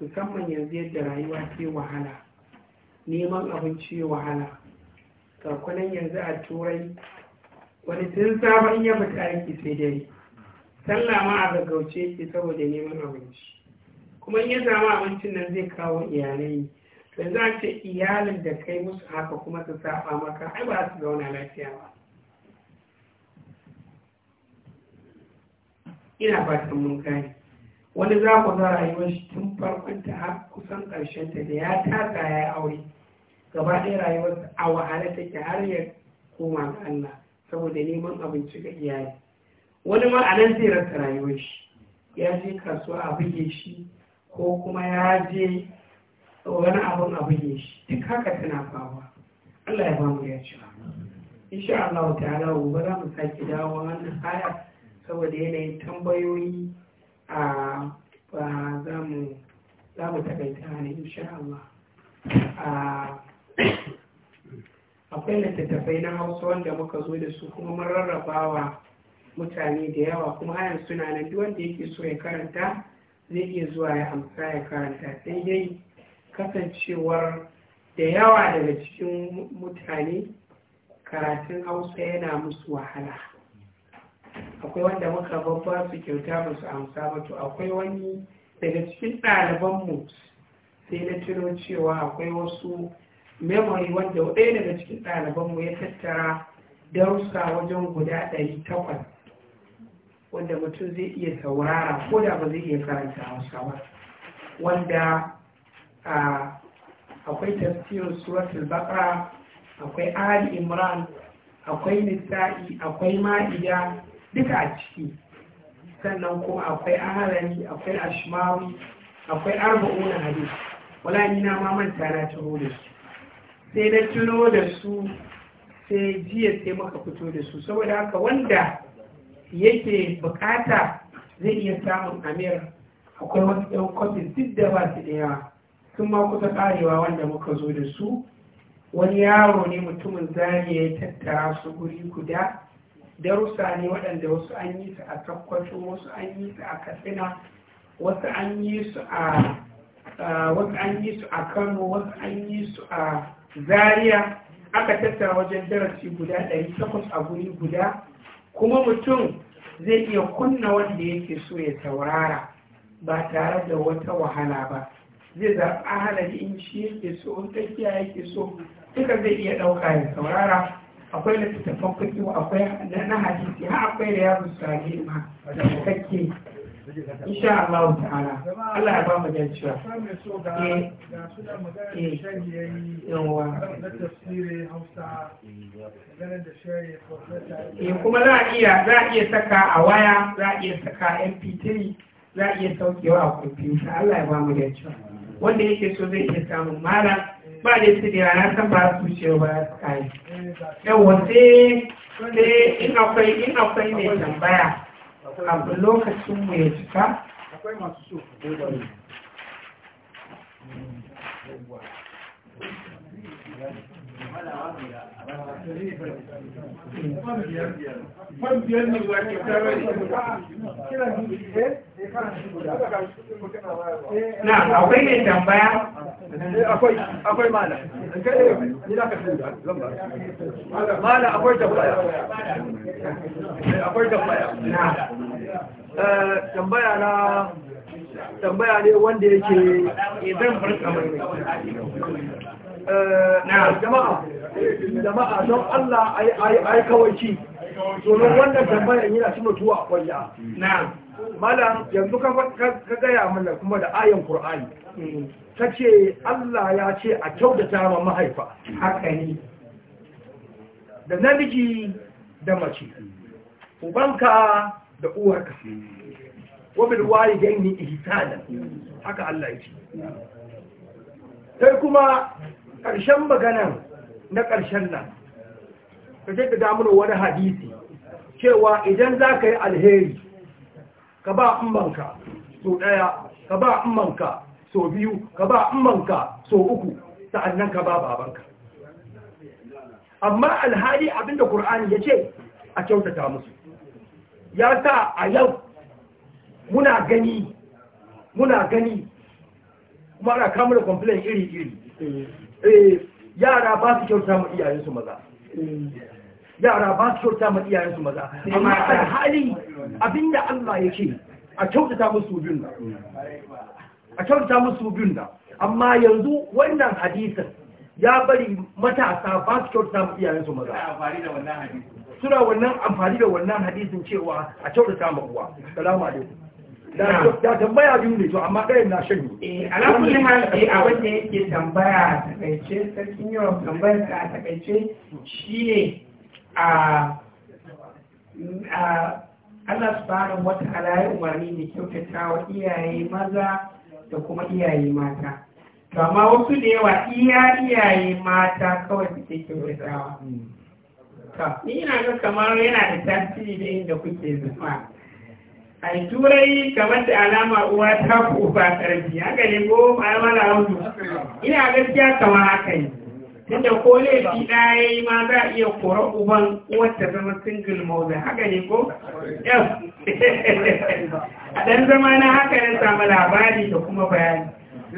musamman yanzu yadda rayuwa ke wahala neman abinci wahala kakunan yanzu a turai wani tun sabon ya fita aiki sai dare sallah ma a gaggauce ke saboda neman abinci kuma in ya samu abincin nan zai kawo iyalai to za ce iyalin da kai musu haka kuma su saba maka ai ba su zauna lafiya ba ina fatan mun gane wani za ku ga rayuwar shi tun farkon ta har kusan ƙarshen ta da ya taka ya aure gaba ɗaya rayuwar a wahala take har ya koma ga Allah saboda neman abinci ga iyali wani ma a nan zai rasa rayuwar shi ya je kasuwa a buge shi ko kuma ya je wani abun a buge shi duk haka tana faruwa Allah ya bamu ya ci insha Allah ta'ala gobe za mu sake dawo wannan aya saboda yanayin tambayoyi a ba za mu za mu takaita ne insha Allah akwai littattafai na hausa wanda muka zo da su kuma mun rarrabawa mutane da yawa kuma hayan suna nan duk wanda yake so ya karanta zai iya zuwa ya amsa ya karanta sai dai kasancewar da yawa daga cikin mutane karatun hausa yana musu wahala akwai wanda muka babba su kyauta ba su amsa ba to akwai wani daga cikin mu. sai na tuno cewa akwai wasu memory wanda ɗaya daga cikin ɗalibanmu ya tattara darussa wajen guda ɗari takwas wanda mutum zai iya saurara ko da ba zai iya karanta hausa ba wanda akwai tafsirin suratul baqara akwai ali imran akwai nisa'i akwai ma'ida duka a ciki sannan kuma akwai aharari akwai ashmawi akwai arba'una hadis wala ni na ma manta na tuno da su sai na tuno da su sai jiya sai muka fito da su saboda haka wanda yake bukata zai iya samun amir akwai wasu ɗan kwafin duk da ba su da yawa sun ma kusa karewa wanda muka zo da su wani yaro ne mutumin zariya ya tattara su guri guda darussa ne waɗanda wasu an yi su a tabbacin wasu an yi su a katsina wasu an yi su a kano wasu an yi su a Zariya. aka tattara wajen darasi guda ɗari takwas a guri guda kuma mutum zai iya kunna wanda yake so ya taurara ba tare da wata wahala ba zai zaɓa halar in shi yake so in tafiya yake so duka zai iya ɗauka ya taurara. akwai littattafan kuɗi akwai na hadisi har akwai da yaro sage ma da kake insha Allah ta'ala Allah ya ba mu dacewa eh eh yawa eh kuma za a iya za a iya saka a waya za a iya saka mp3 za a iya saukewa a kwamfuta Allah ya ba mu dacewa wanda yake so zai iya samun malam ba da su da na san ba su ce ba kai yawa sai in akwai mai tambaya abu lokacin mu ya cika akwai na akwai ne tambaya eh, akwai akwai mala ni ka mala akwai tambaya eh, akwai tambaya na eh, tambaya na tambaya ne wanda yake idan farka mai Eh, jama'a jama'a don Allah a yi ci, domin wannan tambayar yana cin mutuwa a kwaya malam yanzu ka gaya mana kuma da ayan Kur'ani. ta ce Allah ya ce a kyautata ma mahaifa haka ne da namiji da mace ubanka da uwarka wabil walidaini ihsana haka Allah ya ce sai kuma ƙarshen maganan na ƙarshen nan ka ce ka damar wani hadisi cewa idan za ka yi alheri ka ba ummanka so ɗaya ka ba ummanka so biyu ka ba ummanka so uku sa'annan ka ba babanka amma alhali abinda ƙur'ani ya ce a kyautata musu ya sa a yau muna gani muna gani kuma ana kamar complain iri-iri Eh, yara ba su kyauta ma iyayensu maza yara ba su kyauta ma iyayensu maza amma alhali abinda Allah ya ce a kyautata musu bin da a kyautata musu bin da amma yanzu wannan hadisin ya bari matasa ba su kyautata ma iyayensu maza suna wannan amfani da wannan hadisin cewa a kyautata ma uwa salamu alaikum da tambaya biyu ne to amma ɗayan na shan yi eh, ala kulli hal eh abin da yake tambaya a takaice sarkin yau tambayar ka a takaice shine a Allah subhanahu wata ya umarni da wa iyaye maza da kuma iyaye mata to amma wasu da yawa iya iyaye mata kawai suke kyautatawa hmm. ni ina ga kamar yana da tasiri da inda kuke zama ai turai kamar da alama uwa ta ku ba karfi haka ne ko mala hudu ina gaskiya kama haka ne tunda ko laifi ɗaya yi ma za a iya koro uban ta zama single mother haka ne ko yau a ɗan zama na haka na samu labari da kuma bayani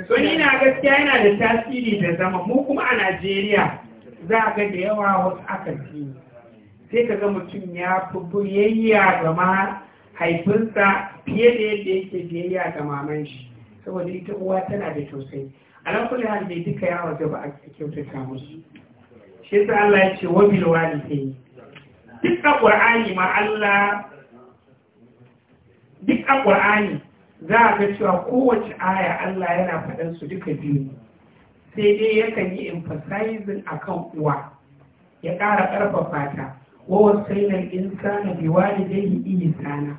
so ni na gaskiya yana da tasiri da zama mu kuma a najeriya za a ga da yawa wasu aka fi sai ka ga mutum ya fi buyayya ga haifinsa fiye da yadda yake biyayya ga maman shi saboda ita uwa tana da tausayi alam kulli hal bai duka ya waje ba a kyautata musu shi yasa Allah ya ce wa bil walidayni duk qur'ani ma Allah duk a qur'ani za a ga cewa kowace aya Allah yana faɗan su duka biyu sai dai yakan yi emphasizing akan uwa ya ƙara ƙarfafa ta ووصينا الإنسان بوالديه إنسانا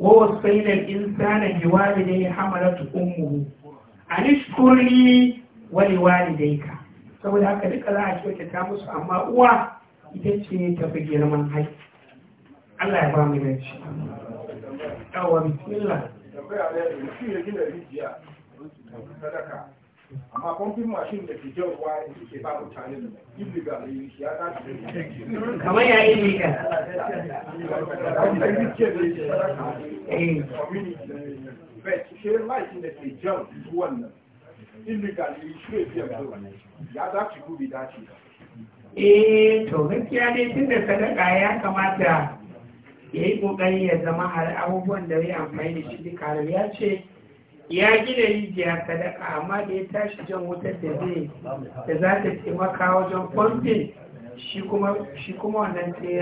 ووصينا الإنسان بوالديه حملته أمه أن اشكر لي ولوالديك saboda haka duka za a kyautata musu amma uwa ita ce ta fi girman hai Allah ya ba mu dace yawa bismillah amma pumping machine da ke jan ruwa da ke ba mutane illegal ne shi ya ta kamar ya yi illegal eh. bet shi machine da ke jan ruwan nan illegal ne shi ne biyan ruwan ya ta ci gubi dace eh to gaskiya dai tun da sadaka ya kamata ya yi kokari ya zama har abubuwan da ya amfani da shi duka ya ce ya gina rijiya sadaka amma da ya tashi jan wutar da zai da za ta taimaka wajen fomfin shi kuma wannan sai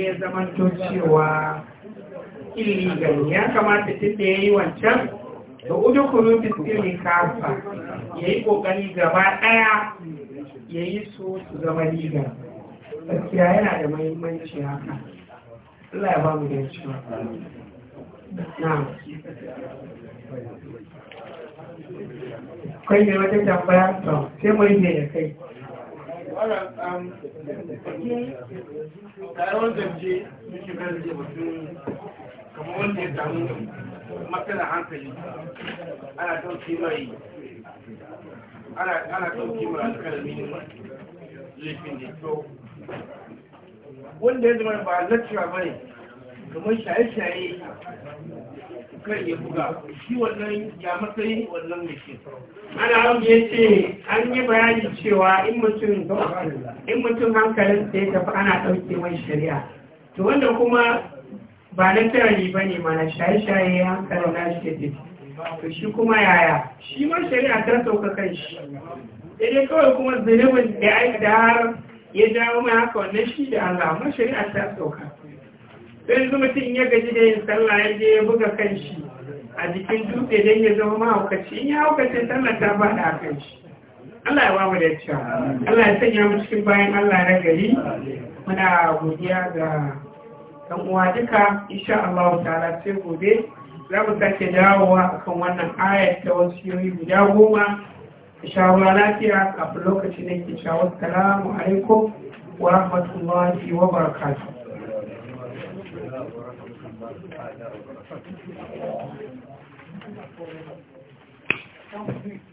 ya zamanto cewa iligal ya kamata tun da ya yi wancan da udu kuru bisiri kafa ya yi kokari gaba daya ya yi su su zama liga gaskiya yana da mahimmanci haka Allah ya ba mu da cewa kai ne wata tambaya to sai mu rike da kai tarawar um, kamar wanda ya kai. matsala hankali ana ɗauki mai ana ɗauki mai alƙalami da kyau wanda ya zama ba a lecturer ba ne kamar shaye-shaye kan ya buga shi wannan ya matsayi wannan da ke ana ya ce an yi bayani cewa in mutum hankalin sai ya tafi ana ɗauke mai shari'a to wanda kuma ba na tirani ba ne mana shaye-shaye hankalin na shi ke to shi kuma yaya shi ma shari'a ta sauka kan shi daidai kawai kuma zunubin da ya har ya jawo mai haka wannan shi da Allah amma shari'a ta sauka sai su mutum ya gaji da yin sallah ya je ya buga kan shi a jikin dutse don ya zama mahaukaci in ya haukace sallah ta ba a kan shi Allah ya bamu da cewa Allah ya sanya mu cikin bayan Allah na gari muna godiya ga Dan uwa duka insha Allah ta'ala sai gobe za mu sake dawowa akan wannan ayat ta wasu yoyi guda goma shawara lafiya kafin lokacin da ke shawar salamu alaikum wa rahmatullahi wa barakatuh I know.